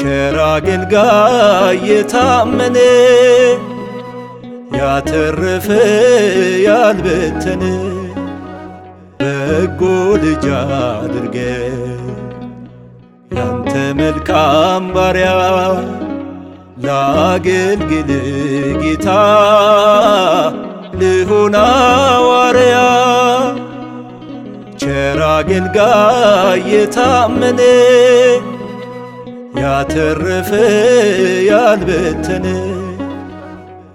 ቸር አገልጋይ የታመነ ያተረፈ ያልበተነ በጎ ልጅ አድርገ ያንተ መልካም ባሪያ ላገልግል ጌታ ልሁና ዋርያ ቸር አገልጋይ የታመነ ያተረፈ ያልበተነ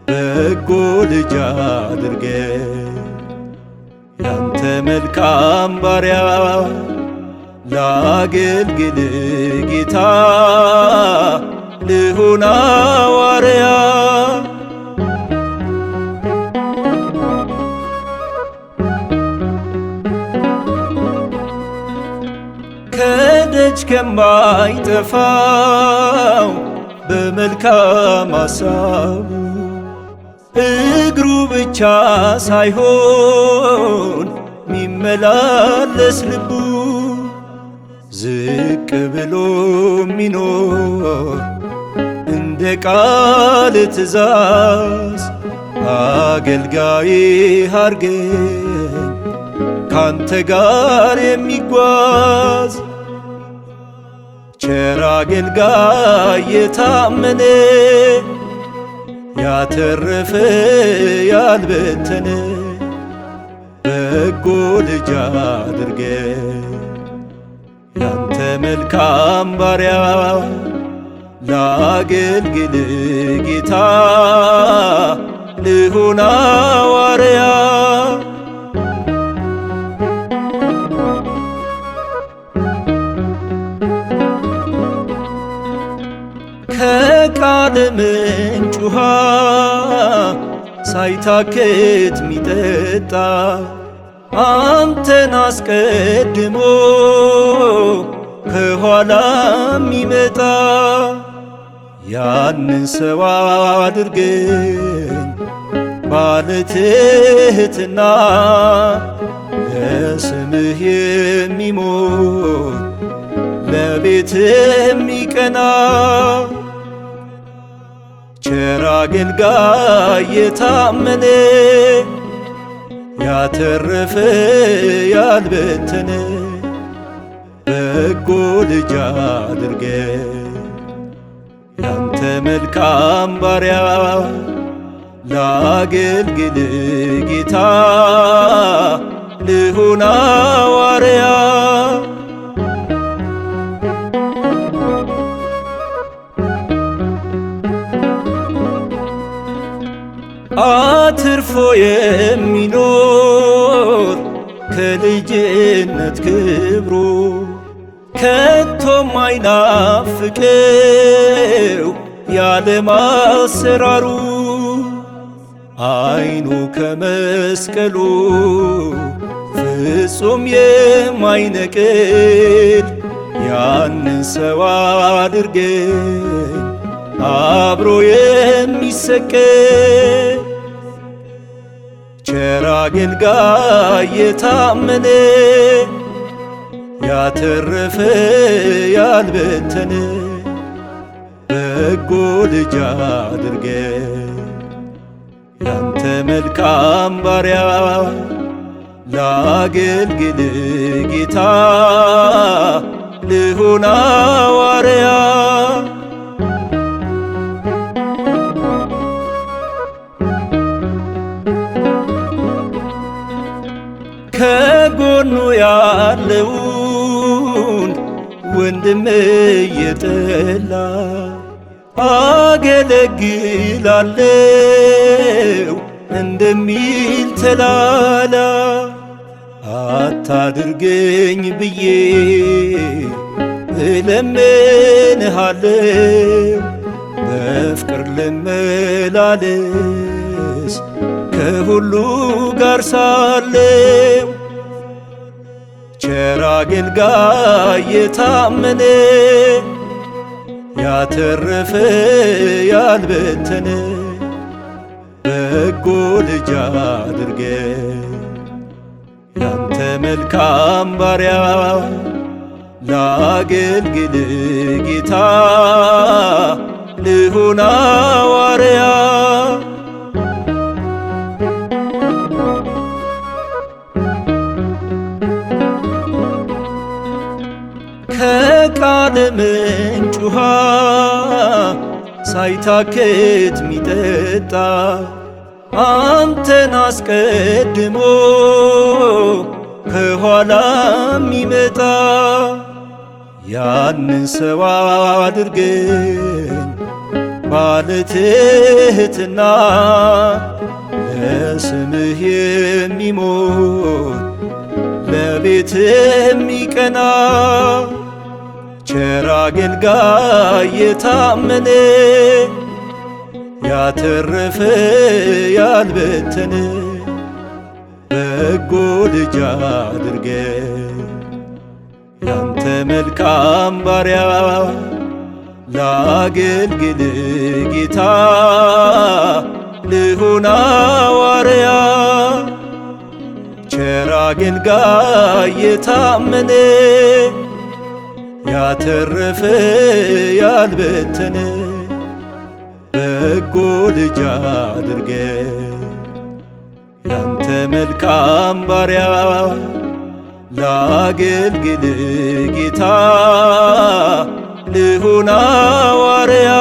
በጎ ልጅ አድርገ ያንተ መልካም ባሪያ ላገልግል ጌታ ልሁን አዋርያ ከደጅ ከማይጠፋው በመልካም አሳቡ እግሩ ብቻ ሳይሆን ሚመላለስ ልቡ ዝቅ ብሎ ሚኖር እንደ ቃል ትእዛዝ አገልጋዬ አርገኝ ካንተ ጋር የሚጓዝ ቸር አገልጋይ የታመነ ያተረፈ ያልበተነ በጎ ልጅ አድርገ ያንተ መልካም ባሪያ ላገልግል ጌታ ልሁና ዋርያ ከቃልምን ውሃ ሳይታከት ሚጠጣ አንተን አስቀድሞ ከኋላ ሚመጣ ያንን ሰው አድርገኝ ባለትህትና ለስምህ የሚሞት ለቤት የሚቀና ቸር አገልጋይ የታመነ ያተረፈ ያልበተነ በጎ ልጅ አድርገ ያንተ መልካም ባሪያ ላገልግል ጌታ ልሁና ዋርያ አትርፎ የሚኖር ከልጅነት ክብሩ ከቶም አይናፍቀው የዓለም አሰራሩ አይኑ ከመስቀሉ ፍጹም የማይነቅል ያንን ሰው አድርገን አብሮ የሚሰቀ ቸር አገልጋይ የታመነ ያተረፈ ያልበተነ በጎ ልጅ አድርገ ያንተ መልካም ባሪያ ላገልግል ጌታ ልሁን አዋርያ ወንድም እየጠላ አገለግላለሁ እንደሚል ተላላ አታድርገኝ ብዬ እለምንሃለው በፍቅር ልመላለስ ከሁሉ ጋር ሳለው ቸር አገልጋይ የታመነ ያተረፈ ያልበተነ በጎ ልጅ አድርገ ያንተ መልካም ባሪያ ላገልግል ጌታ ልሁና ዋርያ ጠጣ ለምንጭ ውሃ ሳይታክት ሚጠጣ አንተን አስቀድሞ ከኋላ ሚመጣ ያንን ሰው አድርገኝ ባለትህትና ለስምህ የሚሞት ለቤት የሚቀና ቸር አገልጋይ የታመነ ያተረፈ ያልበተነ በጎ ልጅ አድርገ ያንተ መልካም ባሪያ ላገልግል ጌታ ልሁን አዋርያ ቸር አገልጋይ የታመነ ያተረፈ ያልበተነ በጎ ልጅ አድርገ ያንተ መልካም ባሪያ ላገልግል ጌታ ልሁና ዋርያ